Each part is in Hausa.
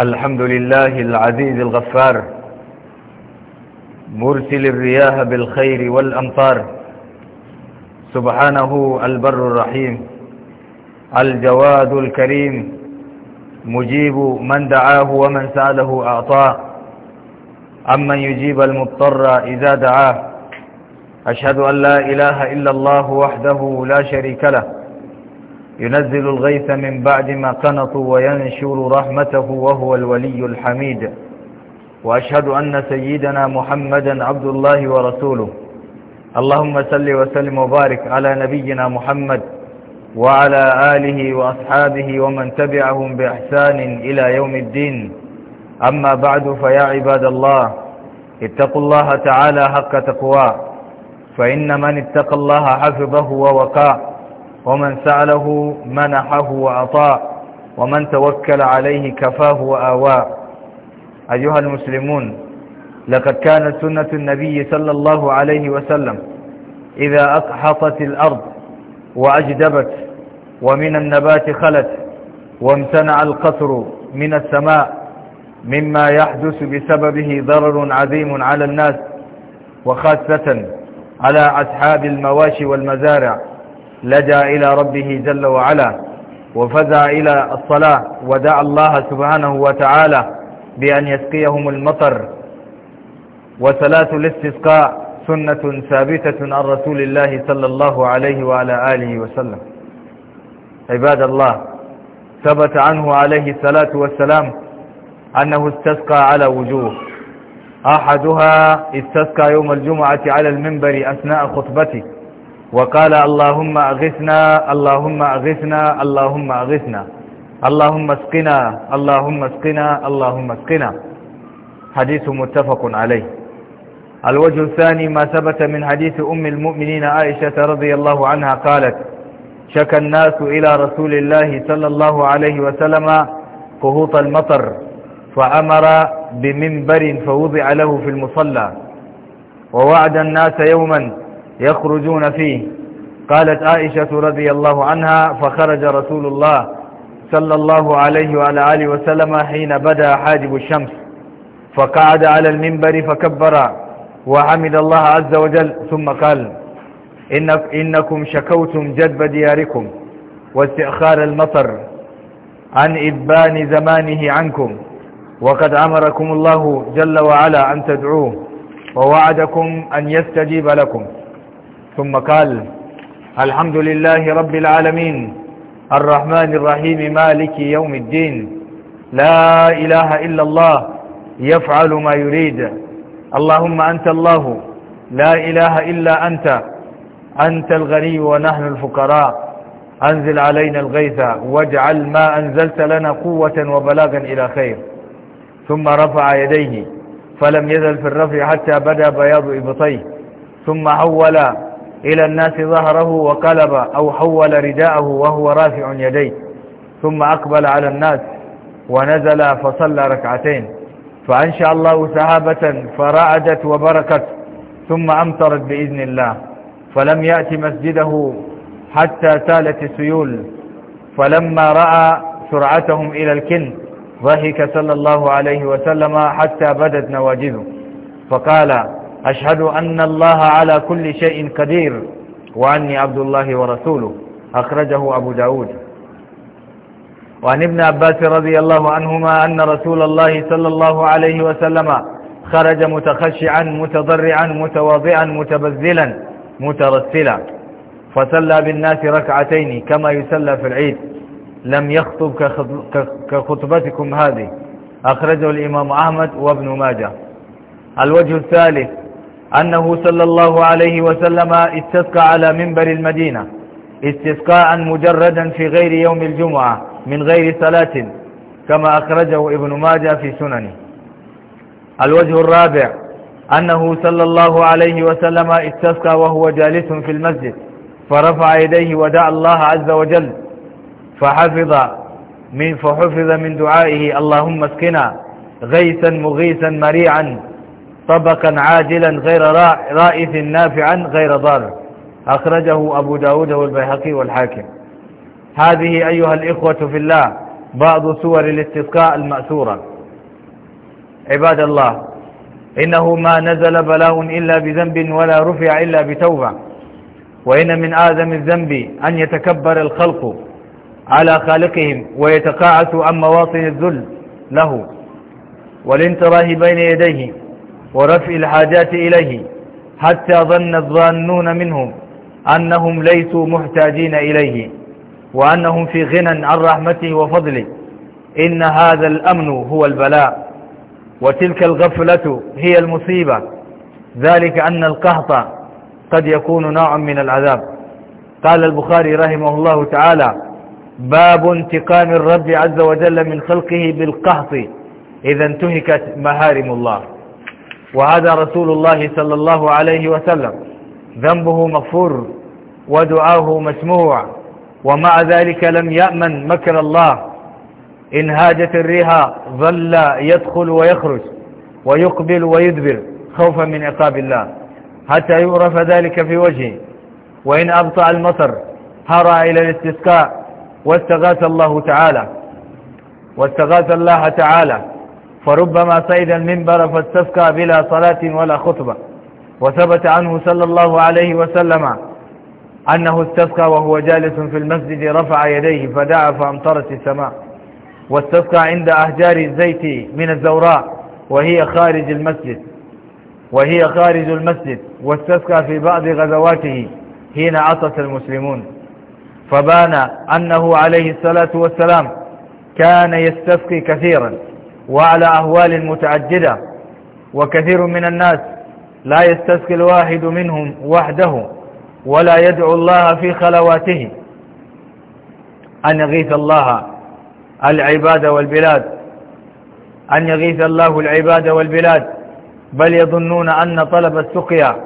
الحمد لله العزيز الغفار مرسل الرياح بالخير والأمطار سبحانه البر الرحيم الجواد الكريم مجيب من دعاه ومن سأله أعطاه أمن يجيب المضطر إذا دعاه أشهد أن لا إله إلا الله وحده لا شريك له ينزل الغيث من بعد ما قنطوا وينشر رحمته وهو الولي الحميد وأشهد أن سيدنا محمدا عبد الله ورسوله اللهم صل وسلم وبارك على نبينا محمد وعلى آله وأصحابه ومن تبعهم بإحسان إلى يوم الدين أما بعد فيا عباد الله اتقوا الله تعالى حق تقواه فإن من اتقى الله حفظه ووقاه ومن سأله منحه وعطاء ومن توكل عليه كفاه وآواء أيها المسلمون لقد كانت سنة النبي صلى الله عليه وسلم إذا أقحطت الأرض وأجدبت ومن النبات خلت وامتنع القطر من السماء مما يحدث بسببه ضرر عظيم على الناس وخاصة على أصحاب المواشي والمزارع لجأ إلى ربه جل وعلا وفزع إلى الصلاة ودعا الله سبحانه وتعالى بأن يسقيهم المطر وصلاة الاستسقاء سنة ثابتة عن رسول الله صلى الله عليه وعلى آله وسلم عباد الله ثبت عنه عليه الصلاة والسلام أنه استسقى على وجوه أحدها استسقى يوم الجمعة على المنبر أثناء خطبته وقال اللهم أغثنا اللهم أغثنا اللهم أغثنا اللهم اسقنا اللهم اسقنا اللهم اسقنا حديث متفق عليه الوجه الثاني ما ثبت من حديث أم المؤمنين عائشة رضي الله عنها قالت شكى الناس إلى رسول الله صلى الله عليه وسلم قهوط المطر فأمر بمنبر فوضع له في المصلى ووعد الناس يوما يخرجون فيه قالت عائشة رضي الله عنها فخرج رسول الله صلى الله عليه وعلى آله وسلم حين بدا حاجب الشمس فقعد على المنبر فكبر وحمد الله عز وجل ثم قال إن إنكم شكوتم جذب دياركم واستئخار المطر عن إبان زمانه عنكم وقد أمركم الله جل وعلا أن تدعوه ووعدكم أن يستجيب لكم ثم قال الحمد لله رب العالمين الرحمن الرحيم مالك يوم الدين لا إله إلا الله يفعل ما يريد اللهم أنت الله لا إله إلا أنت أنت الغني ونحن الفقراء أنزل علينا الغيث واجعل ما أنزلت لنا قوة وبلاغا إلى خير ثم رفع يديه فلم يزل في الرفع حتى بدا بياض إبطيه ثم حول إلى الناس ظهره وقلب أو حول رداءه وهو رافع يديه ثم أقبل على الناس ونزل فصلى ركعتين فأنشأ الله سحابة فرعدت وبركت ثم أمطرت بإذن الله فلم يأتي مسجده حتى سالت السيول فلما رأى سرعتهم إلى الكن ضحك صلى الله عليه وسلم حتى بدت نواجذه فقال أشهد أن الله على كل شيء قدير وأني عبد الله ورسوله أخرجه أبو داود وعن ابن عباس رضي الله عنهما أن رسول الله صلى الله عليه وسلم خرج متخشعا متضرعا متواضعا متبذلا مترسلا فصلى بالناس ركعتين كما يصلى في العيد لم يخطب كخطبتكم هذه أخرجه الإمام أحمد وابن ماجه الوجه الثالث أنه صلى الله عليه وسلم استسقى على منبر المدينة استسقاء مجردا في غير يوم الجمعة من غير صلاة كما أخرجه ابن ماجه في سننه الوجه الرابع أنه صلى الله عليه وسلم استسقى وهو جالس في المسجد فرفع يديه ودعا الله عز وجل فحفظ من فحفظ من دعائه اللهم اسقنا غيثا مغيثا مريعا طبقا عاجلا غير رائف نافعا غير ضار أخرجه أبو داود والبيهقي والحاكم هذه أيها الإخوة في الله بعض سور الاستسقاء المأثورة عباد الله إنه ما نزل بلاء إلا بذنب ولا رفع إلا بتوبة وإن من آدم الذنب أن يتكبر الخلق على خالقهم ويتقاعس عن مواطن الذل له والانتراه بين يديه ورفع الحاجات إليه حتى ظن الظانون منهم أنهم ليسوا محتاجين إليه وأنهم في غنى عن رحمته وفضله إن هذا الأمن هو البلاء وتلك الغفلة هي المصيبة ذلك أن القهط قد يكون نوعا من العذاب قال البخاري رحمه الله تعالى باب انتقام الرب عز وجل من خلقه بالقهط إذا انتهكت مهارم الله وهذا رسول الله صلى الله عليه وسلم ذنبه مغفور ودعاه مسموع ومع ذلك لم يأمن مكر الله إن هاجت الريها ظل يدخل ويخرج ويقبل ويدبر خوفا من عقاب الله حتى يعرف ذلك في وجهه وإن أبطأ المطر هرى إلى الاستسقاء واستغاث الله تعالى واستغاث الله تعالى فربما صعد المنبر فاستسقى بلا صلاة ولا خطبة وثبت عنه صلى الله عليه وسلم أنه استسقى وهو جالس في المسجد رفع يديه فدعا فأمطرت السماء واستسقى عند أحجار الزيت من الزوراء وهي خارج المسجد وهي خارج المسجد واستسقى في بعض غزواته حين عطس المسلمون فبان أنه عليه الصلاة والسلام كان يستسقي كثيرا وعلى أهوال متعددة وكثير من الناس لا يستسقي الواحد منهم وحده ولا يدعو الله في خلواته أن يغيث الله العباد والبلاد أن يغيث الله العباد والبلاد بل يظنون أن طلب السقيا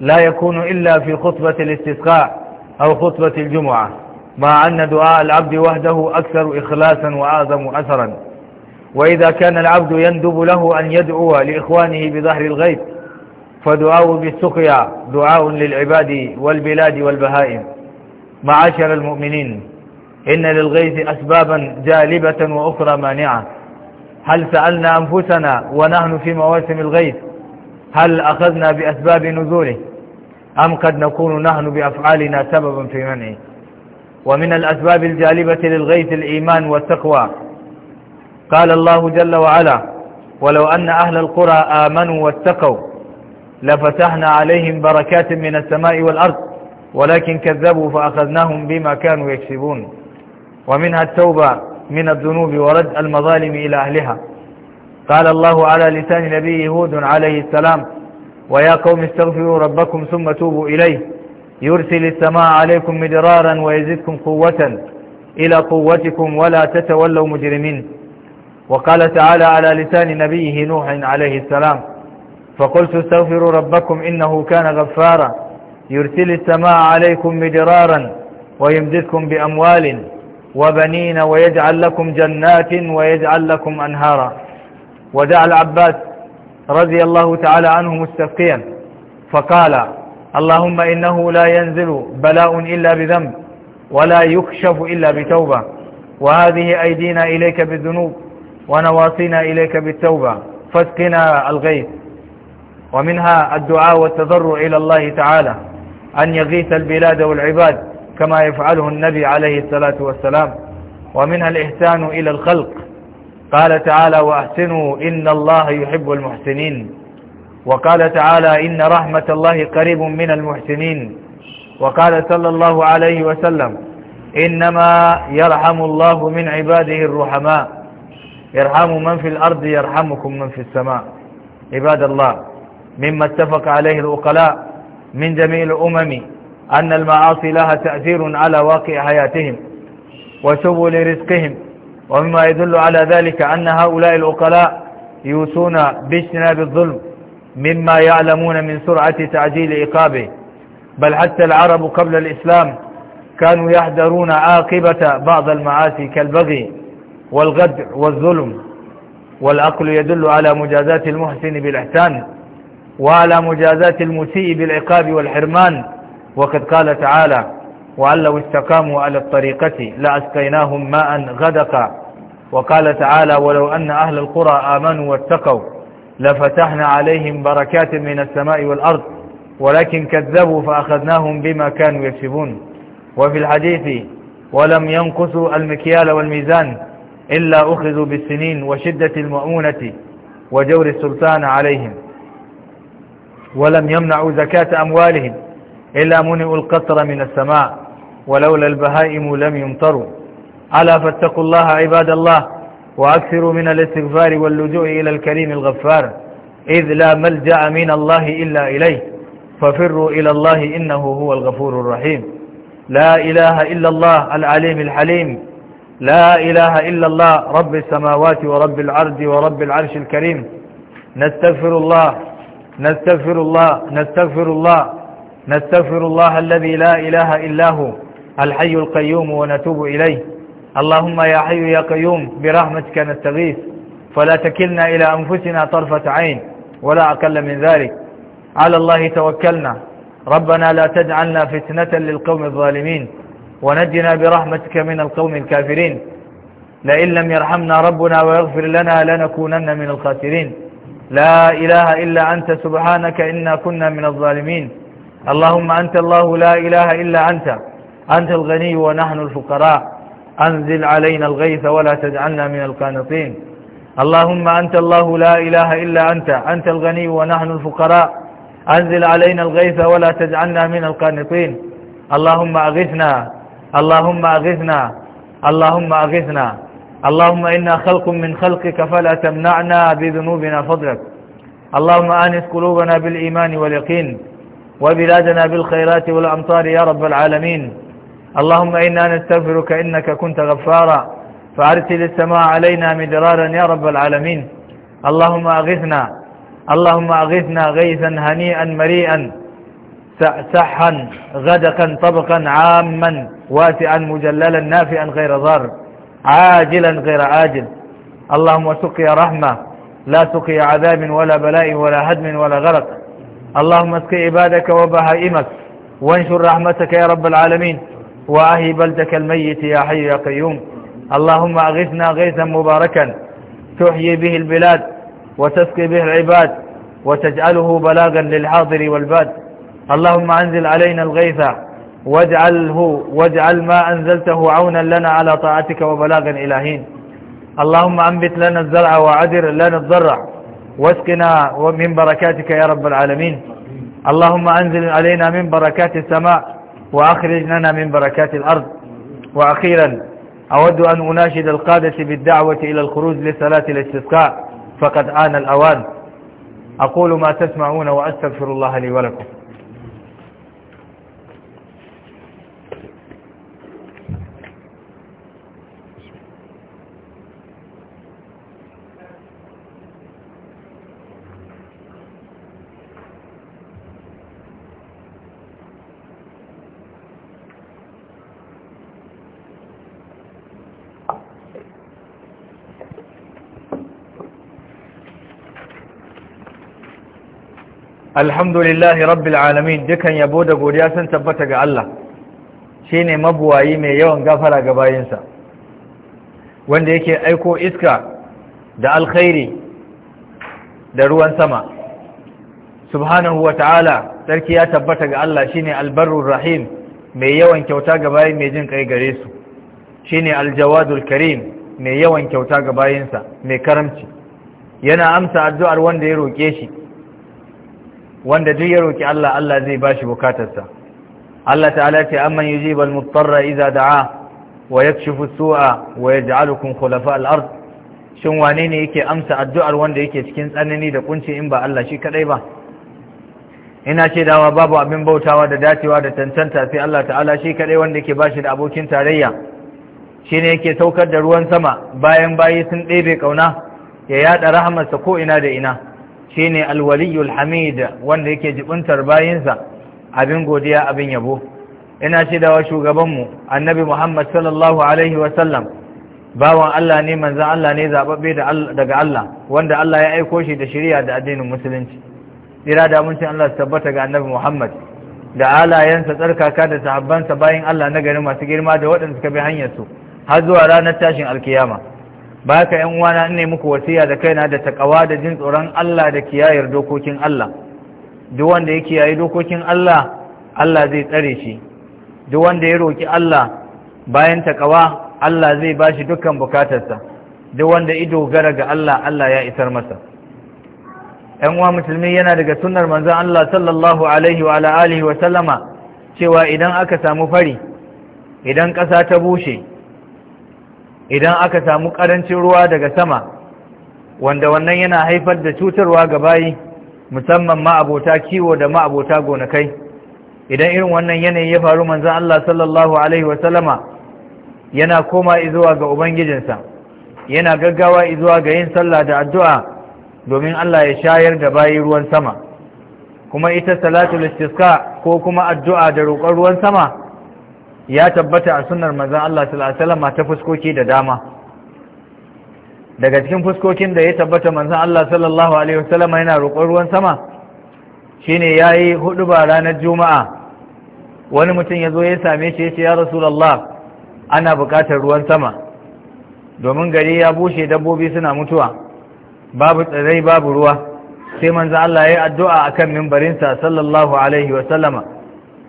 لا يكون إلا في خطبة الاستسقاء أو خطبة الجمعة مع أن دعاء العبد وحده أكثر إخلاصا وأعظم أثرا وإذا كان العبد يندب له أن يدعو لإخوانه بظهر الغيب فدعاء بالسقيا دعاء للعباد والبلاد والبهائم معاشر المؤمنين إن للغيث أسبابا جالبة وأخرى مانعة هل سألنا أنفسنا ونحن في مواسم الغيث هل أخذنا بأسباب نزوله أم قد نكون نحن بأفعالنا سببا في منعه ومن الأسباب الجالبة للغيث الإيمان والتقوى قال الله جل وعلا ولو أن أهل القرى آمنوا واتقوا لفتحنا عليهم بركات من السماء والأرض ولكن كذبوا فأخذناهم بما كانوا يكسبون ومنها التوبة من الذنوب ورد المظالم إلى أهلها قال الله على لسان نبيه هود عليه السلام ويا قوم استغفروا ربكم ثم توبوا إليه يرسل السماء عليكم مدرارا ويزدكم قوة إلى قوتكم ولا تتولوا مجرمين وقال تعالى على لسان نبيه نوح عليه السلام فقلت استغفروا ربكم إنه كان غفارا يرسل السماء عليكم مدرارا ويمددكم بأموال وبنين ويجعل لكم جنات ويجعل لكم أنهارا ودعا العباس رضي الله تعالى عنه مستفقيا فقال اللهم إنه لا ينزل بلاء إلا بذنب ولا يكشف إلا بتوبة وهذه أيدينا إليك بالذنوب ونواصينا إليك بالتوبة فاسقنا الغيث ومنها الدعاء والتضرع إلى الله تعالى أن يغيث البلاد والعباد كما يفعله النبي عليه الصلاة والسلام ومنها الإحسان إلى الخلق قال تعالى وأحسنوا إن الله يحب المحسنين وقال تعالى إن رحمة الله قريب من المحسنين وقال صلى الله عليه وسلم إنما يرحم الله من عباده الرحماء ارحموا من في الأرض يرحمكم من في السماء عباد الله مما اتفق عليه العقلاء من جميع الأمم أن المعاصي لها تأثير على واقع حياتهم وسبل رزقهم ومما يدل على ذلك أن هؤلاء العقلاء يوصون باجتناب الظلم مما يعلمون من سرعة تعجيل عقابه بل حتى العرب قبل الإسلام كانوا يحذرون عاقبة بعض المعاصي كالبغي والغدر والظلم والعقل يدل على مجازاة المحسن بالإحسان وعلى مجازاة المسيء بالعقاب والحرمان وقد قال تعالى وأن لو استقاموا على الطريقة لأسقيناهم ماء غدقا وقال تعالى ولو أن أهل القرى آمنوا واتقوا لفتحنا عليهم بركات من السماء والأرض ولكن كذبوا فأخذناهم بما كانوا يكسبون وفي الحديث ولم ينقصوا المكيال والميزان إلا أخذوا بالسنين وشدة المؤونة وجور السلطان عليهم ولم يمنعوا زكاة أموالهم إلا منعوا القطر من السماء ولولا البهائم لم يمطروا ألا فاتقوا الله عباد الله وأكثروا من الاستغفار واللجوء إلى الكريم الغفار إذ لا ملجأ من الله إلا إليه ففروا إلى الله إنه هو الغفور الرحيم لا إله إلا الله العليم الحليم لا إله إلا الله رب السماوات ورب العرض ورب العرش الكريم نستغفر الله نستغفر الله نستغفر الله نستغفر الله الذي لا إله إلا هو الحي القيوم ونتوب إليه اللهم يا حي يا قيوم برحمتك نستغيث فلا تكلنا إلى أنفسنا طرفة عين ولا أقل من ذلك على الله توكلنا ربنا لا تجعلنا فتنة للقوم الظالمين ونجنا برحمتك من القوم الكافرين لئن لم يرحمنا ربنا ويغفر لنا لنكونن من الخاسرين لا إله إلا أنت سبحانك إنا كنا من الظالمين اللهم أنت الله لا إله إلا أنت أنت الغني ونحن الفقراء أنزل علينا الغيث ولا تجعلنا من القانطين اللهم أنت الله لا إله إلا أنت أنت الغني ونحن الفقراء أنزل علينا الغيث ولا تجعلنا من القانطين اللهم أغثنا اللهم أغثنا اللهم أغثنا اللهم إنا خلق من خلقك فلا تمنعنا بذنوبنا فضلك اللهم آنس قلوبنا بالإيمان واليقين وبلادنا بالخيرات والأمطار يا رب العالمين اللهم إنا نستغفرك إنك كنت غفارا فأرسل السماء علينا مدرارا يا رب العالمين اللهم أغثنا اللهم أغثنا غيثا هنيئا مريئا سحا غدقا طبقا عاما واسعا مجللا نافعا غير ضار عاجلا غير عاجل اللهم سقيا رحمة لا سقيا عذاب ولا بلاء ولا هدم ولا غرق اللهم اسقي عبادك وبهائمك وانشر رحمتك يا رب العالمين وأهي بلدك الميت يا حي يا قيوم اللهم أغثنا غيثا مباركا تحيي به البلاد وتسقي به العباد وتجعله بلاغا للحاضر والباد اللهم أنزل علينا الغيث واجعله واجعل ما أنزلته عونا لنا على طاعتك وبلاغا الهين اللهم أنبت لنا الزرع وعدر لنا الضرع واسقنا من بركاتك يا رب العالمين اللهم أنزل علينا من بركات السماء وأخرج لنا من بركات الأرض وأخيرا أود أن أناشد القادة بالدعوة إلى الخروج لصلاة الاستسقاء فقد آن الأوان أقول ما تسمعون وأستغفر الله لي ولكم alhamdulillahi rabbil alamin dukan yabo da godiya sun tabbata ga Allah shine mabuwayi mai yawan gafara ga bayinsa wanda yake aiko iska da alkhairi da ruwan sama subhanahu wa ta'ala sarki ya tabbata ga Allah shine albarrur rahim mai yawan kyauta ga bayin mai jin kai gare su shine aljawadul karim mai yawan kyauta ga bayinsa mai karamci yana amsa addu'ar wanda ya roƙe shi wanda duk ya roki Allah Allah zai bashi bukatarsa Allah ta'ala ce amman yujibu al-muttarra idza da'a wa yakshifu as-su'a wa yaj'alukum khulafa al-ard shin wane ne yake amsa addu'ar wanda yake cikin tsanani da kunci in ba Allah shi kadai ba ina ce dawa babu abin bautawa da dacewa da tantanta sai Allah ta'ala shi kadai wanda yake bashi da abokin tarayya shine yake saukar da ruwan sama bayan bayi sun ɗebe kauna ya yada rahamarsa ko ina da ina Shi shine alwaliyul hamid wanda yake jibuntar bayinsa abin godiya abin yabo ina ce da wa shugabanmu annabi muhammad sallallahu alaihi wasallam bawan Allah ne manzan Allah ne zababbe daga Allah wanda Allah ya aiko shi da shirya da addinin musulunci tsira da mun Allah su tabbata ga annabi muhammad da alayensa tsarkaka da sahabbansa bayan Allah na gari masu girma da waɗanda suka bi su) har zuwa ranar tashin alkiyama ba ka yan uwana ne muku wasiya da kaina da taƙawa da jin tsoron Allah da kiyayar dokokin Allah duk wanda ya kiyaye dokokin Allah Allah zai tsare shi duk wanda ya roƙi Allah bayan taƙawa, Allah zai ba shi dukkan bukatarsa duk wanda ido gara ga Allah Allah ya isar masa yan uwa musulmi yana daga sunar manzan Allah sallallahu alaihi wa cewa idan aka samu fari idan ƙasa ta bushe idan aka samu ƙarancin ruwa daga sama wanda wannan yana haifar da cutarwa ga bayi musamman ma'abota kiwo da ma'abota gonakai idan irin wannan yanayi ya faru manzan Allah sallallahu Alaihi wasallama yana koma izuwa ga Ubangijinsa yana gaggawa izuwa ga yin sallah da addu'a domin Allah ya shayar da bayi ruwan sama kuma ita salatul istisqa ko kuma addu'a da roƙon ruwan sama ya tabbata a sunar mazan Allah (S.A.W) ta fuskoki da dama daga cikin fuskokin da ya tabbata mazan Allah (S.A.W) yana roƙon ruwan sama Shi shine yayi hudu ba ranar juma'a wani mutum ya zo ya same shi ya ce ya rasulallah ana buƙatar ruwan sama domin gari ya bushe dabbobi suna mutuwa babu tsirrai babu ruwa sai manzan Allah ya yi addu'a a kan mimbarinsa sallallahu alaihi wa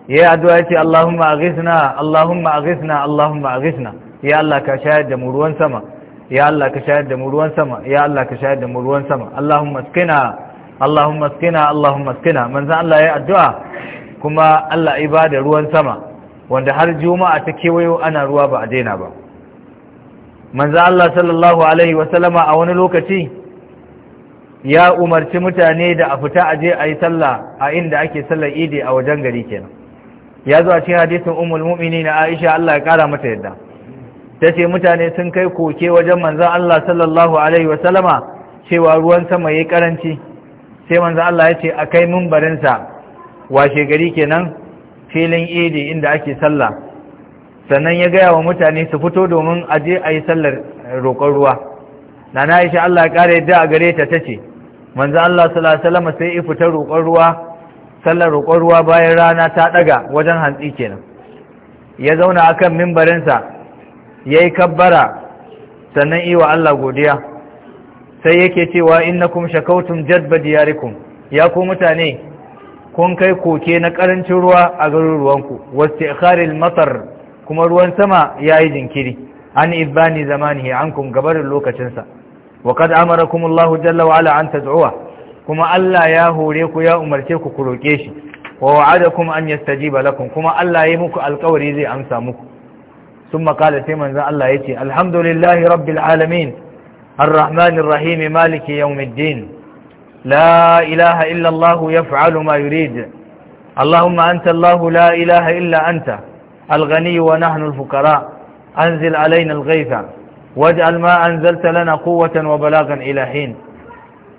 ya yi addu'a ce Allahumma aghithna Allahumma aghithna Allahumma aghithna ya Allah ka shayar da muruwan sama ya Allah ka shayar da muruwan sama ya Allah ka shayar da muruwan ruwan sama Allahumma askina Allahumma askina Allahumma askina manzo Allah ya yi addu'a kuma Allah ibada ruwan sama wanda har juma'a ta kewayo ana ruwa ba a daina ba manzo Allah sallallahu alaihi wa sallama a wani lokaci ya umarci mutane da a fita aje a yi sallah a inda ake sallar idi a wajen gari kenan ya zuwa cikin hadisin mumini na Aisha Allah ya kara mata yadda tace mutane sun kai koke wajen manzon Allah sallallahu alaihi wa cewa ruwan sama yayi karanci sai manzon Allah ya ce a kai mimbarin sa washe gari kenan filin idi inda ake sallah sannan ya gaya wa mutane su fito domin a je a yi sallar roƙon ruwa nana Aisha Allah ya kara yadda a gare ta tace manzon Allah sallallahu alaihi wa sai ya fita roƙon ruwa sallar roƙon ruwa bayan rana ta ɗaga wajen hantsi kenan ya zauna akan mimbarinsa ya yi kabbara sannan iwa Allah godiya sai yake cewa in na kuma shakautun jadba diyarikun. ya ku mutane kun kai koke na ƙarancin ruwa a garin ruwanku, wasu ikharil matar kuma ruwan sama ya yi jinkiri an ibani an kun gabarin lokacinsa wa kad kuma Allah jalla wa ala an tad'uwa kuma Allah ya hore ku ya umarci ku ku roke shi wa wa'ada kuma an yastaji ba lakun kuma Allah ya muku alkawari zai amsa muku sun makala sai manzan Allah ya ce alhamdulillahi rabbil alamin الرحمن الرحيم مالك يوم الدين لا إله إلا الله يفعل ما يريد اللهم أنت الله لا إله إلا أنت الغني ونحن الفقراء أنزل علينا الغيثة واجعل ما أنزلت لنا قوة وبلاغا إلى حين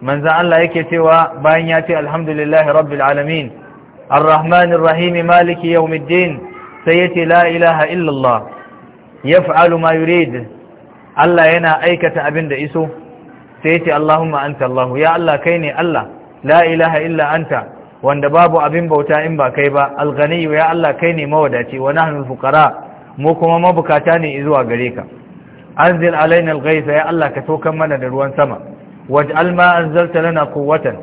manzan Allah yake cewa bayan ya ce alhamdulillahi rabbil alamin arrahmanir rahimi maliki yawmiddin sai yace la ilaha allah yaf'alu ma yurid Allah yana aikata abin da iso sai yace allahumma anta allah ya Allah kai ne Allah la ilaha illa anta wanda babu abin bauta in ba kai ba alghani ya Allah kai ne mawadaci wa nahnu fuqara mu kuma mabukata ne zuwa gare ka anzil alaina alghaytha ya Allah ka tokan mana da ruwan sama waj'al ma anzalta lana quwwatan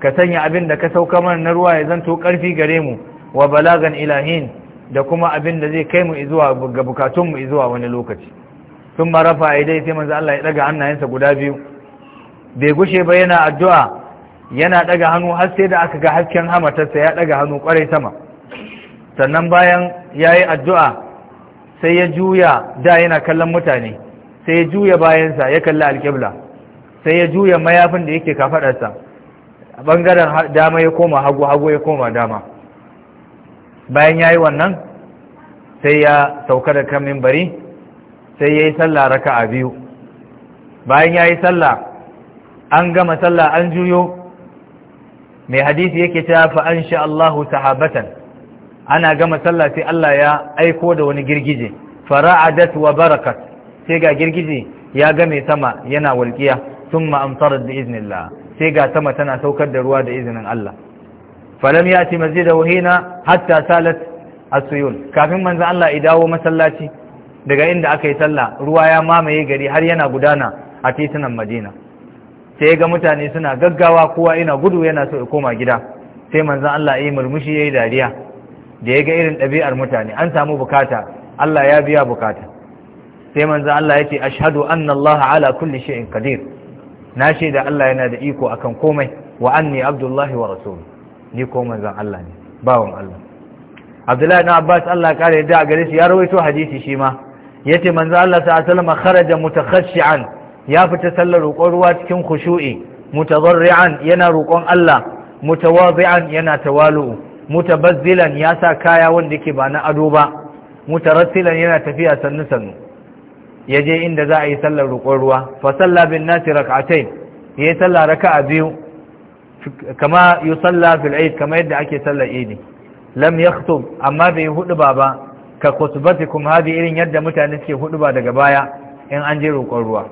ka sanya abin da ka sauka mana na ruwa ya zanto karfi gare mu wa balagan ilahin da kuma abin da zai kai mu zuwa ga bukatun mu zuwa wani lokaci sun marafa idai sai manzo Allah ya daga hannayensa guda biyu bai gushe ba yana addu'a yana daga hannu har sai da aka ga hasken hamatarsa ya daga hannu kwarai sama sannan bayan yayi addu'a sai ya juya da yana kallon mutane sai ya juya bayansa ya kalli alƙibla sai ya juya mayafin da yake kafadarsa a bangaren dama ya koma hagu hagu ya koma dama bayan ya yi wannan sai ya sauka da kan bari sai ya yi sallah raka a biyu bayan ya yi sallah an gama sallah an juyo mai hadisi yake ta fa an sha Allahu sahabatan ana gama sallah sai Allah ya aiko da wani girgije fara'adat wa barakat sai ga girgije ya ga mai sama yana walƙiya sun ma'amtarar da izinin iznillah sai ga sama tana saukar da ruwa da izinin Allah falam ya ci da wahina hatta salat asuyun kafin manzan Allah ya dawo masallaci daga inda aka yi sallah ruwa ya mamaye gari har yana gudana a titunan madina sai ga mutane suna gaggawa kowa ina gudu yana so ya koma gida sai manzan Allah murmushi ya yi dariya da ya ga irin ɗabi'ar mutane an samu bukata Allah ya biya bukata sai manzan Allah ya ce ashhadu anna Allah ala kulli shay'in kadir. na shaida Allah yana da iko akan komai wa anni abdullahi wa rasulu ni ko manzon Allah ne bawan Allah Abdullahi na Abbas Allah kare da gare shi ya rawaito hadisi shi ma yace manzon Allah ta sallama kharaja mutakhashshi'an ya fita sallar roƙon ruwa cikin khushu'i mutadarri'an yana roƙon Allah mutawadhi'an yana tawalu mutabazzilan ya sa kaya wanda yake ba na ado ba mutarassilan yana tafiya sannu sannu ya je inda za a yi sallar roƙon ruwa Fasalla bin nasi rak'atayn yayi sallah raka'a biyu kama yusalla fil kama yadda ake sallar idi lam yakhutub amma bai hudu ba ba ka hadi irin yadda mutane suke hudu ba daga baya in an je roƙon ruwa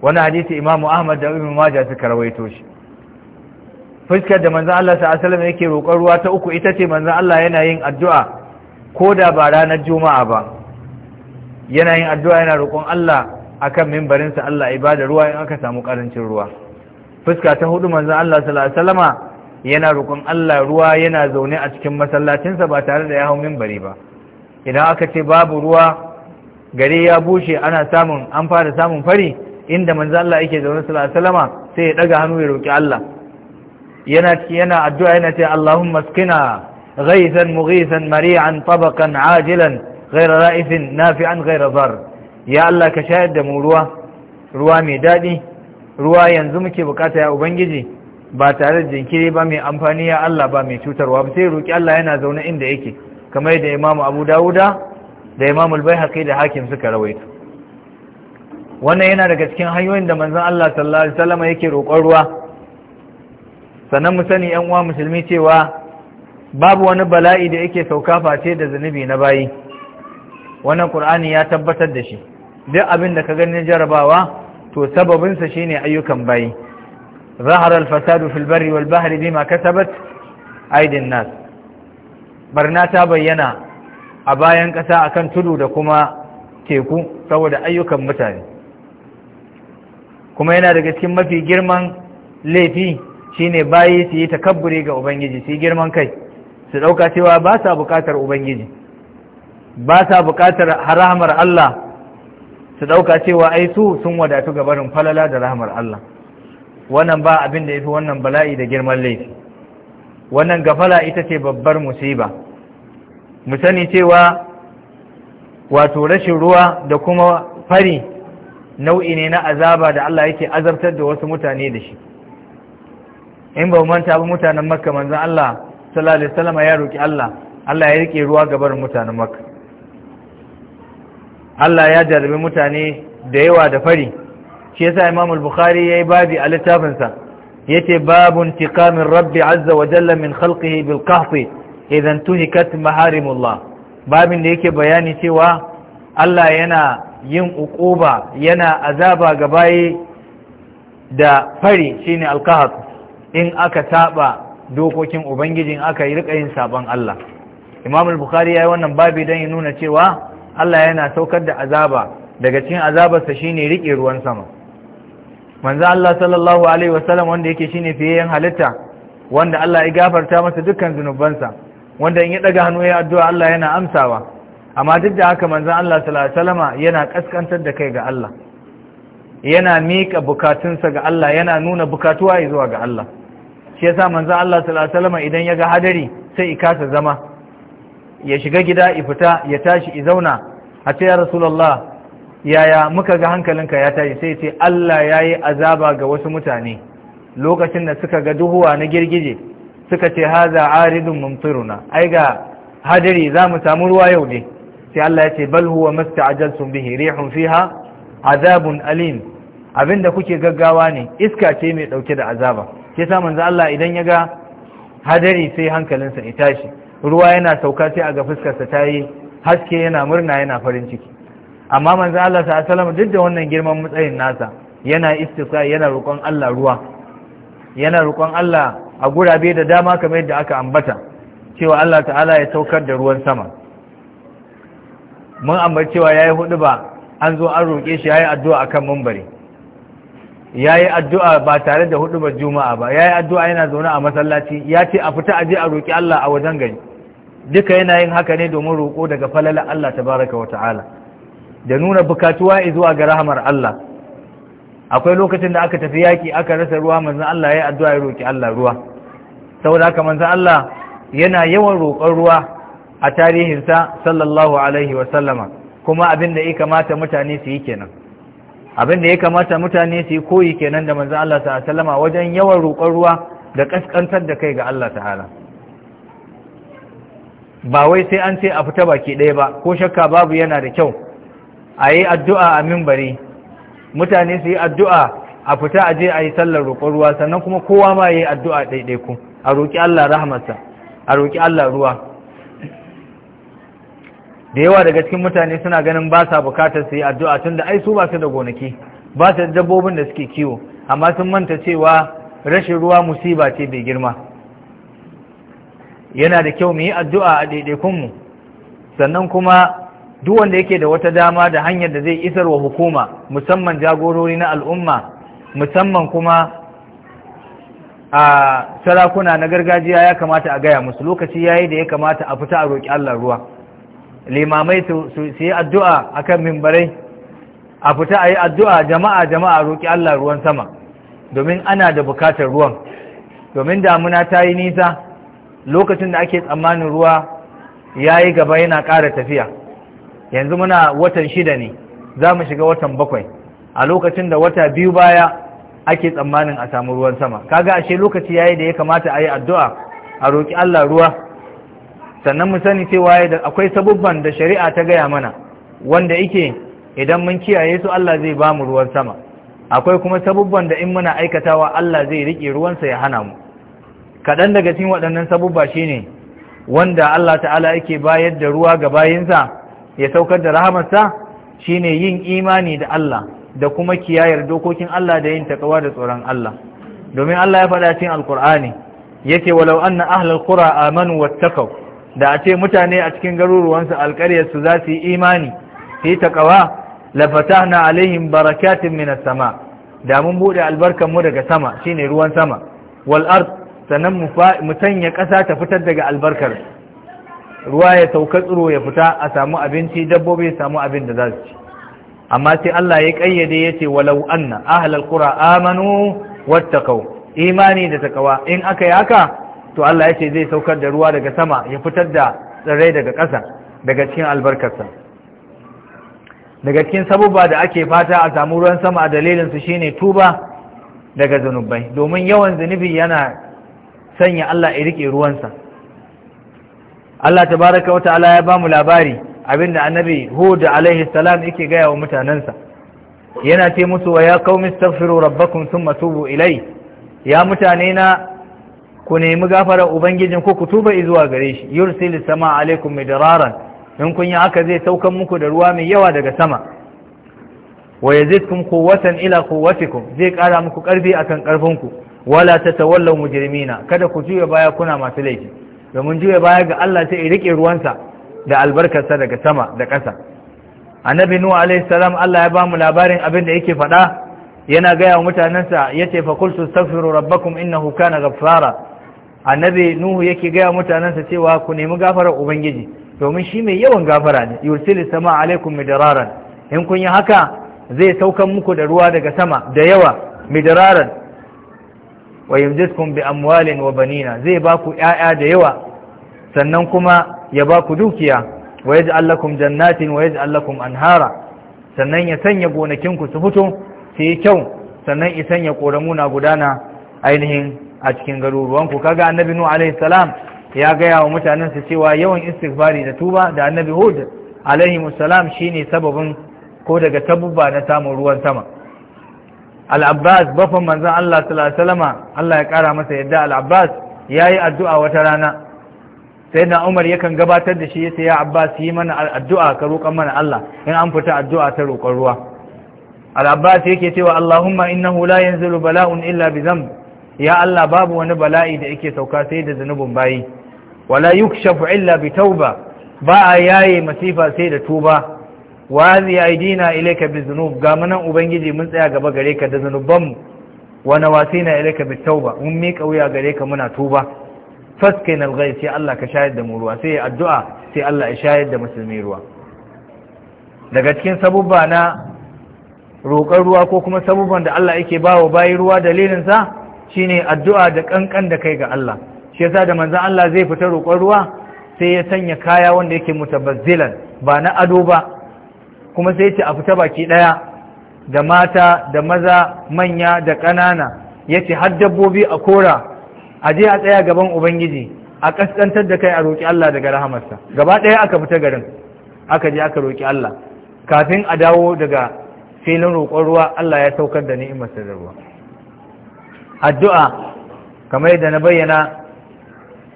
wani hadisi imamu ahmad da ibn majah suka rawaito shi fuskar da manzon Allah sallallahu alaihi yake roƙon ruwa ta uku ita ce manzon Allah yana yin addu'a ko da ba ranar juma'a ba yana yin addu'a yana roƙon Allah akan mimbarinsa Allah ibada ruwa in aka samu ƙarancin ruwa fuska ta hudu manzon Allah sallallahu yana roƙon Allah ruwa yana zaune a cikin masallacinsa ba tare da ya hau mimbari ba idan aka ce babu ruwa gari ya bushe ana samun an fara samun fari inda manzo Allah yake zaune sallallahu sai ya daga hannu ya roƙi Allah yana yana addu'a yana ce Allahumma askina ghaythan mughisan mari'an tabaqan ajilan ghaira ra'ifin nafi'an ghaira zar ya Allah ka shayar da mu ruwa ruwa mai daɗi ruwa yanzu muke bukata ya ubangiji ba tare da jinkiri ba mai amfani ya Allah ba mai cutarwa ba sai roki Allah yana zaune inda yake kamar da Imam Abu Dawuda da Imam Al-Baihaqi da Hakim suka rawaito wannan yana daga cikin hanyoyin da manzon Allah sallallahu alaihi wasallam yake roƙon ruwa sannan mu sani yan uwa musulmi cewa babu wani bala'i da yake sauka face da zunubi na bayi wannan qur'ani ya tabbatar da shi duk abin da ka gani jarabawa to sababinsa shine ayyukan bayi zahara al-fasadu fil barri wal bahri bima kasabat aydin nas barna ta bayyana a bayan kasa akan tudu da kuma teku saboda ayyukan mutane kuma yana daga cikin mafi girman laifi shine bayi su yi takabburi ga ubangiji su yi girman kai su ɗauka cewa ba sa bukatar ubangiji ba sa buƙatar rahamar Allah su ɗauka cewa ai su sun wadatu ga barin falala da rahamar Allah wannan ba abin da ya fi wannan bala'i da girman laifi wannan gafala ita ce babbar musiba mu sani cewa wato rashin ruwa da kuma fari nau'i ne na azaba da Allah yake azabtar da wasu mutane da shi in ba manta ba mutanen makka manzon Allah sallallahu alaihi wasallam ya roki Allah Allah ya rike ruwa gabar mutanen makka Allah ya jarabi mutane da yawa da fari shi yasa Imam al-Bukhari yayi babi a littafin sa yace babun tiqamin rabbi azza wa jalla min khalqihi bil qahti idan tuhikat maharimullah babin da yake bayani cewa Allah yana yin ukuba yana azaba ga da fari shine al in aka saba dokokin ubangijin aka yi rika yin saban Allah Imam al-Bukhari yayi wannan babi dan ya nuna cewa Allah yana saukar da azaba daga cikin azabarsa shi ne riƙe ruwan sama manzan Allah sallallahu alaihi wasallam wanda yake ne fiye halitta wanda Allah ya gafarta masa dukkan zunubansa wanda in yi ɗaga hannu ya addu'a Allah yana amsawa amma duk da haka manzan Allah sallallahu alaihi wasallama yana kaskantar da kai ga Allah yana miƙa bukatunsa ga Allah yana nuna bukatuwa zuwa ga Allah shi yasa idan ya ga hadari sai zama ya shiga gida ya fita ya tashi i zauna a ce ya yaya muka ga hankalinka ya tashi sai ce Allah ya yi azaba ga wasu mutane lokacin da suka ga duhuwa na girgije suka ce haza aridun mumtiruna ai ga hadari za mu samu ruwa yau ne sai Allah ya ce bal huwa masta'ajaltum bihi rihun fiha azabun alim abinda kuke gaggawa ne iska ce mai dauke da azaba ke sa manzo Allah idan ya ga hadari sai hankalinsa ya tashi ruwa yana sauka sai a ga fuskarsa ta yi haske yana murna yana farin ciki amma manzo Allah ta sallama duk da wannan girman matsayin nasa yana istisqa yana roƙon Allah ruwa yana roƙon Allah a gurabe da dama kamar yadda aka ambata cewa Allah ta'ala ya saukar da ruwan sama mun ambata cewa yayi hudu ba an zo an roƙe shi yayi addu'a akan mambari yayi addu'a ba tare da hudu ba juma'a ba yayi addu'a yana zaune a masallaci ya ce a fita aje a roƙi Allah a wajen gari duka yana yin haka ne domin roƙo daga falalar Allah tabaraka wa ta'ala da nuna bukatuwa zuwa ga rahamar Allah akwai lokacin da aka tafi yaƙi aka rasa ruwa manzan Allah ya addu'a ya roƙi Allah ruwa saboda haka manzan Allah yana yawan roƙon ruwa a tarihinsa sallallahu alaihi wa sallama kuma abin da ya kamata mutane su yi kenan abin da ya kamata mutane su yi koyi kenan da manzan Allah sallallahu alaihi wa sallama wajen yawan roƙon ruwa da ƙasƙantar da kai ga Allah ta'ala ba wai sai an ce a fita baki ɗaya ba ko shakka babu yana da kyau a yi addu'a a mimbari mutane su yi addu'a a fita a je a yi sallar roƙon ruwa sannan kuma kowa ma ya yi addu'a ɗaiɗaiku a roƙi Allah rahamarsa a roƙi Allah ruwa da yawa daga cikin mutane suna ganin ba sa bukatar su yi addu'a tun da ai su ba su da gonaki ba su da dabbobin da suke kiwo amma sun manta cewa rashin ruwa musiba ce bai girma yana da kyau mu yi addu'a a ɗaiɗaikunmu sannan kuma duk wanda yake da wata dama da hanyar da zai isar wa hukuma musamman jagorori na al'umma musamman kuma a sarakuna na gargajiya ya kamata a gaya musu lokaci ya yi da ya kamata a fita a roƙi Allah ruwa limamai su yi addu'a a kan mimbarai a fita a yi addu'a jama'a jama'a roƙi Allah ruwan sama domin ana da bukatar ruwan domin damuna ta yi nisa lokacin da ake tsammanin ruwa ya yi gaba yana ƙara tafiya yanzu muna watan shida ne za mu shiga watan bakwai a lokacin da wata biyu baya ake tsammanin a samu ruwan sama kaga ashe lokaci yayi da ya kamata a yi addu'a a roƙi Allah ruwa sannan mu sani cewa da akwai sabubban da shari'a ta gaya mana wanda ike idan mun kiyaye su Allah zai ba mu ruwan sama akwai kuma sabubban da in muna aikatawa Allah zai riƙe ruwansa ya hana mu kaɗan daga cikin waɗannan sabubba shine wanda Allah ta'ala yake bayar da ruwa ga bayinsa ya saukar da rahamarsa shine yin imani da Allah da kuma kiyayar dokokin Allah da yin takawa da tsoron Allah domin Allah ya faɗa cikin alkur'ani yake walau anna ahlul qura amanu wattaqu da a ce mutane a cikin garuruwansu alƙaryar su za su yi imani su yi takawa la fatahna alaihim barakatin minas sama da mun buɗe albarkan mu daga sama shine ruwan sama wal sannan mu ya ƙasa ta fitar daga albarkar ruwa ya sauka tsiro ya fita a samu abinci dabbobi ya samu abin da za su ci amma sai Allah ya ƙayyade ya ce walau anna ahlal ƙura, amanu wattaqau imani da takawa in aka yi haka to Allah ya ce zai saukar da ruwa daga sama ya fitar da tsirrai daga ƙasa daga cikin albarkarsa daga cikin sabubba da ake fata a samu ruwan sama a dalilinsu su shine tuba daga zunubai domin yawan zunubi yana sanya Allah ya rike ruwansa Allah tabaraka wa ta'ala ya bamu labari abinda annabi Hud alaihi salam yake gaya wa mutanensa. yana ce musu wa ya qaumi astaghfiru rabbakum thumma tubu ilai ya mutane na ku nemi gafara ubangijin ku ku tuba zuwa gare shi yursilu sama alaikum midraran in kun yi haka zai saukan muku da ruwa mai yawa daga sama wa yazidkum quwwatan ila quwwatikum zai kara muku karfi akan karfinku wala ta tatawallaw mujrimina kada ku juya baya kuna masu laifi domin juya baya ga Allah sai rike ruwansa da albarkarsa daga sama da ƙasa annabi nuhu alaihi salam Allah ya ba mu labarin abin da yake faɗa yana gaya wa mutanensa yace fa qul tastaghfiru rabbakum innahu kana ghaffara annabi nuhu yake gaya wa mutanensa cewa ku nemi gafarar ubangiji domin shi mai yawan gafara ne yursilu sama alaikum midararan in kun yi haka zai saukan muku da ruwa daga sama da yawa midararan wa yumjidkum bi amwalin wa banina zai baku ku ƴaƴa da yawa sannan kuma ya baku dukiya wa yaj'al lakum jannatin wa yaj'al lakum anhara sannan ya sanya gonakin ku su fito su yi kyau sannan ya sanya koramuna gudana ainihin a cikin garuruwan ku kaga annabi nuhu alaihi salam ya gaya wa mutanen su cewa yawan istighfari da tuba da annabi hud alaihi salam shine sababin ko daga tabubba na samun ruwan sama Al'abbas, abbas bafan manzon Allah sallallahu Allah ya kara masa yadda Al'abbas ya yayi addu'a wata rana sai na umar yakan gabatar da shi ya sai ya abbas yi mana addu'a ka roƙon mana Allah in an fita addu'a ta roƙon ruwa al'abbas yake cewa Allahumma hula la yanzilu bala'un illa bi dhanb ya Allah babu wani bala'i da yake sauka sai da zanubin bayi wala shafu illa bi tauba ba a yaye masifa sai da tuba wa zi aidina ilayka bi ga munan ubangiji mun tsaya gaba gare ka da zunuban mu wa nawasina ilayka bi tauba mun mika wuya gare ka muna tuba Faske na ghayth sai Allah ka shayar da mu ruwa sai addu'a sai Allah ya shayar da musulmi ruwa daga cikin sabubba na roƙar ruwa ko kuma sabubban da Allah yake bawa bayi ruwa dalilin sa shine addu'a da kankan da kai ga Allah shi yasa da manzan Allah zai fita roƙar ruwa sai ya sanya kaya wanda yake mutabazzilan ba na ado ba kuma sai ce a fita baki ɗaya da mata da maza manya da ƙanana ya ce har dabbobi a kora a je a tsaya gaban ubangiji a ƙasƙantar da kai a roƙi Allah daga rahamarsa gaba ɗaya aka fita garin aka je aka roƙi Allah kafin a dawo daga filin roƙon ruwa Allah ya saukar da ni'imarsa da ruwa addu'a kamar yadda na bayyana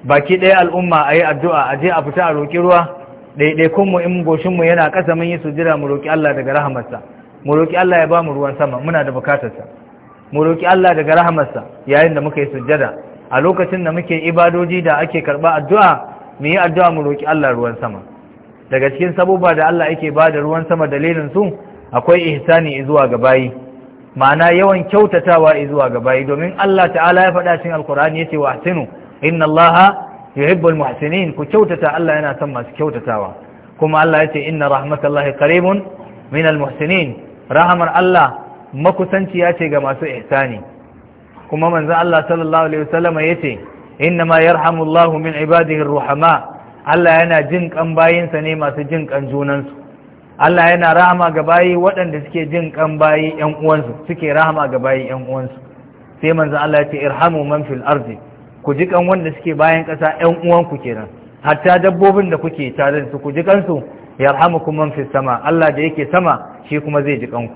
baki ɗaya al'umma a yi addu'a a je a fita a roƙi ruwa mu in mu yana ƙasa mun yi sujira mu roƙi Allah daga rahamarsa mu roƙi Allah ya ba mu ruwan sama muna da bukatarsa mu roƙi Allah daga rahamarsa yayin da muka yi sujjada a lokacin da muke ibadoji da ake karba addu'a mu yi addu'a mu roƙi Allah ruwan sama daga cikin sabuba da Allah yake ba da ruwan sama dalilin su akwai ihsani zuwa ga bayi ma'ana yawan kyautatawa zuwa ga bayi domin Allah ta'ala ya faɗa cikin alkur'ani yace wa ahsinu inna allaha yuhibbul muhsinin ku kyautata Allah yana son masu kyautatawa kuma Allah ya ce inna rahmatallahi qaribun minal muhsinin rahamar Allah makusanciya ce ga masu ihsani kuma manzo Allah sallallahu alaihi wasallam yace innama yarhamullahu min ibadihi arruhama Allah yana jin kan bayinsa ne masu jin kan junansu Allah yana rahama ga bayi waɗanda suke jin kan bayi ƴan uwansu suke rahama ga bayi ƴan uwansu sai manzo Allah yace irhamu man fil ardi ku ji kan wanda suke bayan ƙasa ƴan uwanku kenan hatta dabbobin da kuke tare su ku ji kansu yarhamukum man fis sama Allah da yake sama shi kuma zai ji kanku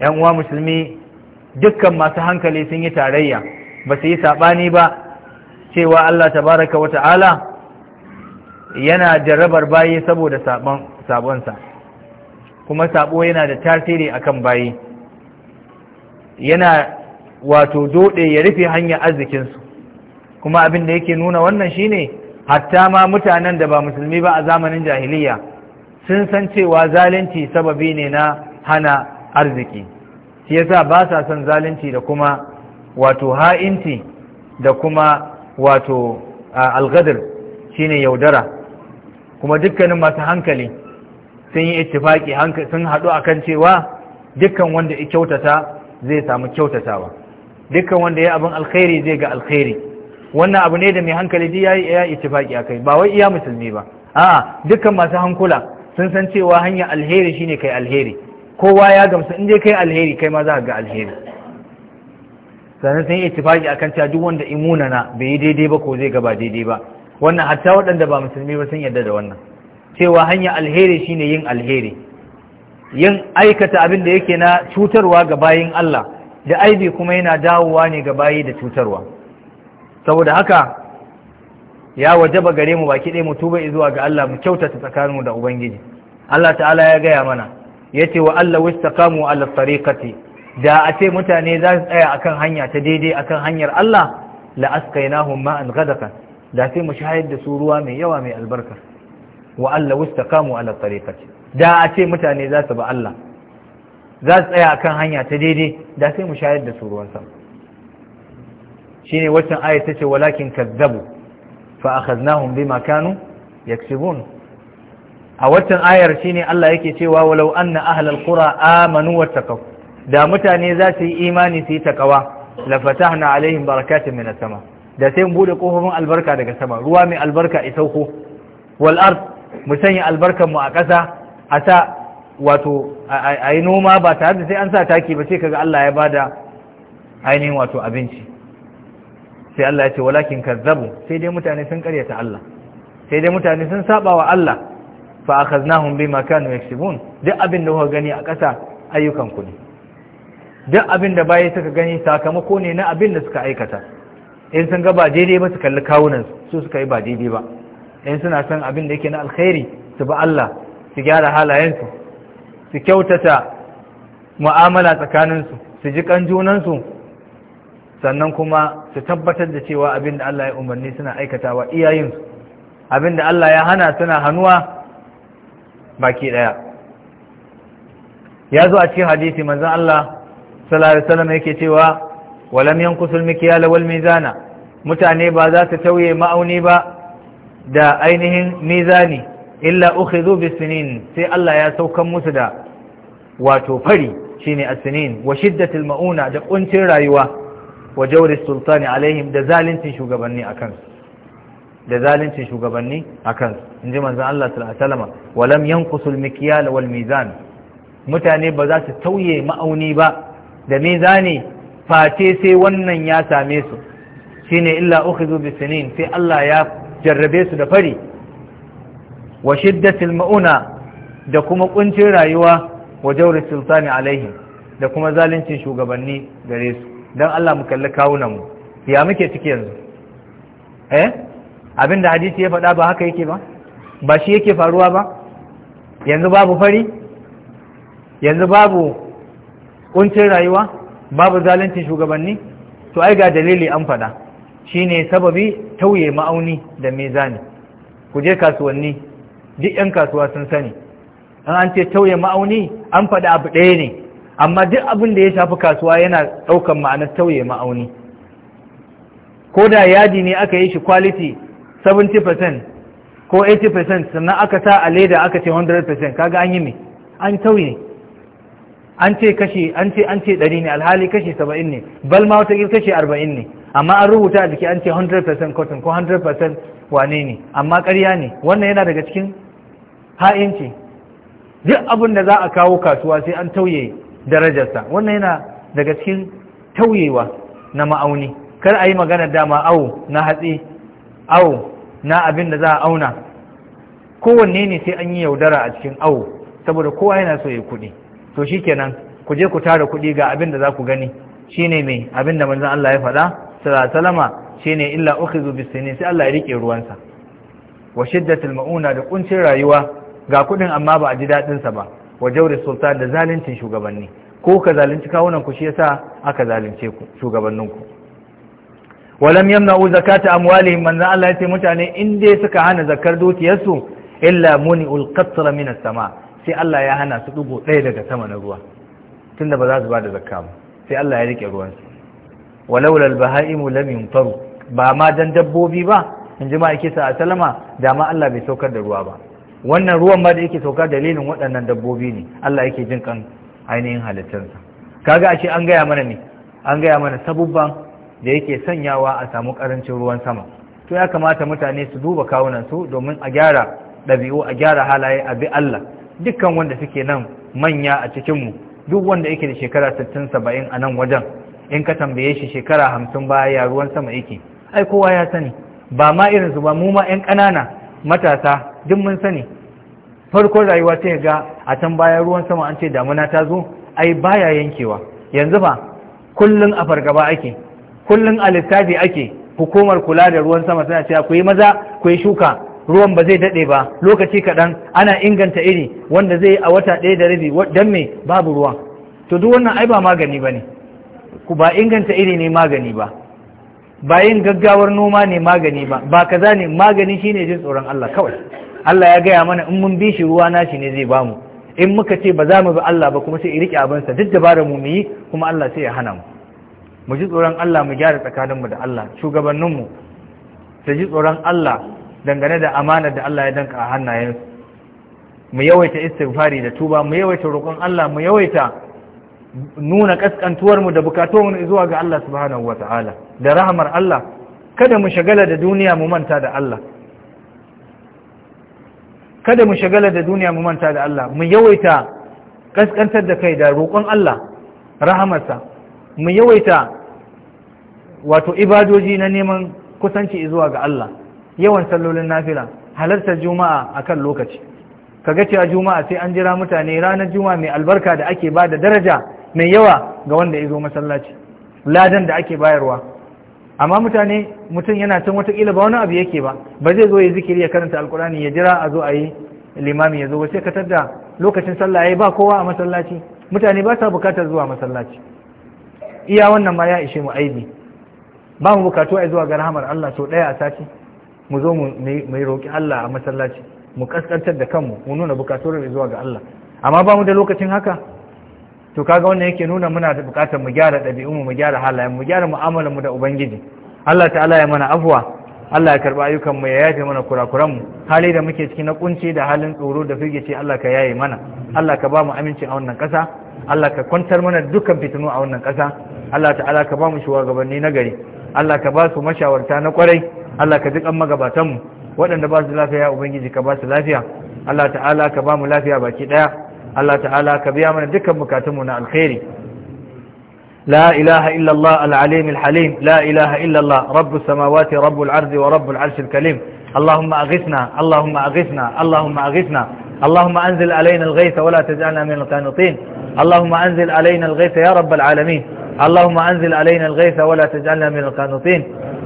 ƴan uwa musulmi dukkan masu hankali sun yi tarayya ba su yi saɓani ba cewa Allah tabaraka wa ta'ala yana da rabar bayi saboda sabonsa kuma sabo yana da tasiri akan bayi yana wato dode ya rufe hanyar arzikinsu kuma abin da yake nuna wannan shine hatta ma mutanen da ba musulmi ba a zamanin jahiliya sun san cewa zalunci sababi ne na hana arziki shi yasa ba sa son zalunci da kuma wato ha'inci da kuma wato algadar shine yaudara kuma dukkanin masu hankali sun yi ittifaki sun haɗu a kan cewa dukkan wanda ya kyautata zai samu kyautatawa dukkan wanda ya abin alkhairi zai ga alkhairi wannan abu ne da mai hankali ji yayi ya ittifaki akai ba wai iya musulmi ba a'a dukkan masu hankula sun san cewa hanya alheri shine kai alheri kowa ya gamsu in je kai alheri kai ma za ga alheri sannan sun yi ittifaki akan cewa duk wanda na bai yi daidai ba ko zai gaba daidai ba wannan hatta waɗanda ba musulmi ba sun yarda da wannan cewa hanya alheri shine yin alheri yin aikata abin da yake na cutarwa ga bayin Allah da aibi kuma yana dawowa ne ga bayi da cutarwa saboda haka ya wajaba gare mu baki ɗaya mu tuba zuwa ga Allah mu kyautata tsakaninmu da ubangiji Allah ta'ala ya gaya mana ya ce, wa Allah wastaqamu ala tariqati da a ce mutane za su tsaya akan hanya ta daidai akan hanyar Allah la askainahum ma'an ghadakan da sai mu shayar da su ruwa mai yawa mai albarka wa Allah wastaqamu ala tariqati da a ce mutane za su ba Allah za su tsaya akan hanya ta daidai da sai mu shayar da su ruwan sama shine waccan aya tace walakin kazzabu fa akhadnahum bima kanu yaksibun a waccan ayar shine Allah yake cewa walau anna ahlal qura amanu wattaqaw da mutane za su yi imani su yi takawa la fatahna alaihim barakatun minas sama da sai mu bude kofofin albarka daga sama ruwa mai albarka ya sauko wal ard mu sanya albarkan mu a ƙasa a sa wato a yi noma ba tare da sai an sa taki ba sai kaga Allah ya bada ainihin wato abinci sai Allah ya ce walakin kazzabu sai dai mutane sun karyata Allah sai dai mutane sun saba wa Allah fa akhaznahum bima kanu yaksubun duk abin da kuka gani a ƙasa ayyukan ku ne duk abin da baye suka gani sakamako ne na abin da suka aikata in sun ga ba daidai ba su kalli kawunan su suka yi ba daidai ba in suna son abin da yake na alkhairi su ba Allah su gyara halayensu su kyautata mu'amala tsakaninsu su ji kan junansu sannan kuma su tabbatar da cewa abin da Allah ya umarni suna aikatawa iyayensu abin da Allah ya hana suna hannuwa baki ɗaya ya zo a cikin hadisi manzan Allah sallallahu alaihi yake cewa walam yankusul mikyala wal mizana mutane ba za su tauye ma'auni ba da ainihin mizani illa ukhidhu bisinin sai Allah ya saukan musu da wato fari shine asinin wa shiddatil mauna da kuncin rayuwa wa jawri sultani alaihim da zalincin shugabanni akan da zalincin shugabanni akan inji manzon Allah sallallahu alaihi wasallam wa lam mikyal wal mizan mutane ba za su tauye ma'auni ba da mizani face sai wannan ya same su shine illa ukhidhu sinin, sai Allah ya jarrabe su da fari wa shiddatil mauna da kuma kuncin rayuwa wa jawri sultani alaihim da kuma zalincin shugabanni gare su don Allah mu kalli kawunan mu ya muke ciki yanzu eh da hadisi ya faɗa ba haka yake ba ba shi yake faruwa ba yanzu babu fari yanzu babu kuncin rayuwa babu zaluncin shugabanni to ai ga dalili an faɗa shi ne sababi tauye ma'auni da mezani ku je kasuwanni duk 'yan kasuwa sun sani an an ce tauye ma'auni an faɗi abu ɗaya ne amma duk abin da ya shafi kasuwa yana ɗaukan ma'anar tauye ma'auni ko da yadi ne aka yi shi quality 70% ko 80% sannan aka sa a leda aka ce 100% kaga an yi mai an tauye an ce kashi an ce an ce 100 ne alhali kashi 70 ne bal ma wata kashi 40 ne amma an rubuta a jiki an ce 100% cotton ko 100% wane ne amma ƙarya ne wannan yana daga cikin ha'inci duk abin da za a kawo kasuwa sai an tauye darajarsa wannan yana daga cikin tauyewa na ma'auni kar a yi magana dama awo na hatsi au na abin da za a auna kowanne ne sai an yi yaudara a cikin awo saboda kowa yana so ya kuɗi to shi kenan ku je ku tara kuɗi ga abin da za ku gani shi ne mai abin da manzan Allah ya faɗa salama shi ne illa uku zubi sai Allah ya riƙe ruwansa wa shiddatul mauna da kuncin rayuwa ga kuɗin amma ba a ji daɗinsa ba wa jawri sultan da zaluncin shugabanni ko ka zalunci kawunanku shi yasa aka zalunce ku shugabannin ku walam yamna'u zakata amwalihim manzo Allah ya ce mutane in dai suka hana zakar dukiyarsu illa muni'ul qatra min as-sama sai Allah ya hana su dugo ɗaya daga sama na ruwa tunda ba za su bada zakka ba sai Allah ya rike ruwan su walaula al-baha'imu lam yumtaru ba ma dan dabbobi ba in ji sa a salama dama Allah bai saukar da ruwa ba wannan ruwan ma da yake sauka dalilin waɗannan dabbobi ne Allah yake jin kan ainihin halittarsa kaga ashe an gaya mana ne an gaya mana sabubban da yake sanyawa a samu karancin ruwan sama to ya kamata mutane su duba kawunan su domin a gyara ɗabi'u a gyara halaye a bi Allah dukkan wanda suke nan manya a cikin mu duk wanda yake da shekara 60 70 a nan wajen in ka tambaye shi shekara 50 baya ruwan sama yake ai kowa ya sani ba ma irin su ba mu ma 'yan ƙanana matasa duk mun sani farkon rayuwa ta ga a can bayan ruwan sama an ce damuna ta zo ai baya yankewa yanzu ba kullun a fargaba ake kullun a lissafi ake hukumar kula da ruwan sama tana cewa ku yi maza ku yi shuka ruwan ba zai daɗe ba lokaci kaɗan ana inganta iri wanda zai a wata ɗaya da rabi don me babu ruwan. to duk wannan ai ba magani ba ne ku ba inganta iri ne magani ba ba yin gaggawar noma ne magani ba ba kaza ne magani shine jin tsoron Allah kawai Allah ya gaya mana in mun bi shi ruwa na shi ne zai bamu in muka ce ba za mu bi Allah ba kuma sai rike abin sa duk dabara mu yi kuma Allah sai ya hana mu mu ji tsoron Allah mu gyara tsakaninmu da Allah shugabanninmu su ji tsoron Allah dangane da amanar da Allah ya danka a hannayensu mu yawaita istighfari da tuba mu yawaita roƙon Allah mu yawaita nuna kaskantuwar mu da bukatuwar mu zuwa ga Allah subhanahu wa ta'ala. da rahamar Allah kada mu shagala da duniya mu manta da Allah kada mu shagala da duniya mu manta da Allah mu yawaita kaskantar da kai da roƙon Allah rahamarsa mu yawaita wato ibadoji na neman kusanci zuwa ga Allah yawan sallolin nafila halartar juma'a akan lokaci kaga cewa juma'a sai an jira mutane ranar juma'a mai albarka da ake ba da daraja mai yawa ga wanda ya zo masallaci ladan da ake bayarwa amma mutane mutum yana can watakila ba wani abu yake ba ba zai zo ya zikiri ya karanta alkurani ya jira a zo a yi limami ya zo ba sai ka da lokacin sallah ya ba kowa a masallaci mutane ba sa bukatar zuwa masallaci iya wannan ma ya ishe mu aibi ba mu bukatu a zuwa ga rahamar Allah to daya a sati mu zo mu yi roki Allah a masallaci mu kaskantar da kanmu mu nuna bukatu zuwa ga Allah amma ba mu da lokacin haka to kaga wannan yake nuna muna da bukatar mu gyara ɗabi'unmu mu gyara halayen mu gyara mu'amalar mu da ubangiji Allah ta'ala ya mana afwa Allah ya karba ayyukan mu ya yafe mana kurakuran mu hali da muke cikin na kunci da halin tsoro da firgici Allah ka yaye mana Allah ka ba mu aminci a wannan ƙasa Allah ka kwantar mana dukkan fitinu a wannan kasa Allah ta'ala ka ba mu shugabanni na gari Allah ka ba su mashawarta na kwarai Allah ka jikan magabatan mu waɗanda ba su lafiya ubangiji ka ba su lafiya Allah ta'ala ka ba mu lafiya baki ɗaya Allah ta'ala ka biya mana dukkan bukatunmu na alkhairi لا إله إلا الله العليم الحليم لا إله إلا الله رب السماوات رب العرض ورب العرش الكريم اللهم أغثنا اللهم أغثنا اللهم أغثنا اللهم أنزل علينا الغيث ولا تجعلنا من القانطين اللهم أنزل علينا الغيث يا رب العالمين اللهم أنزل علينا الغيث ولا تجعلنا من القانطين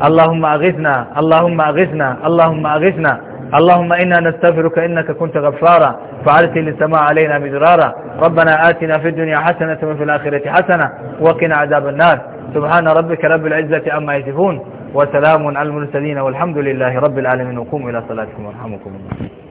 اللهم أغثنا اللهم أغثنا اللهم أغثنا اللهم إنا نستغفرك إنك كنت غفارا فعلت السماء علينا مدرارا ربنا آتنا في الدنيا حسنة وفي الآخرة حسنة وقنا عذاب النار سبحان ربك رب العزة أما يتفون وسلام على المرسلين والحمد لله رب العالمين وقوموا إلى صلاتكم ورحمكم الله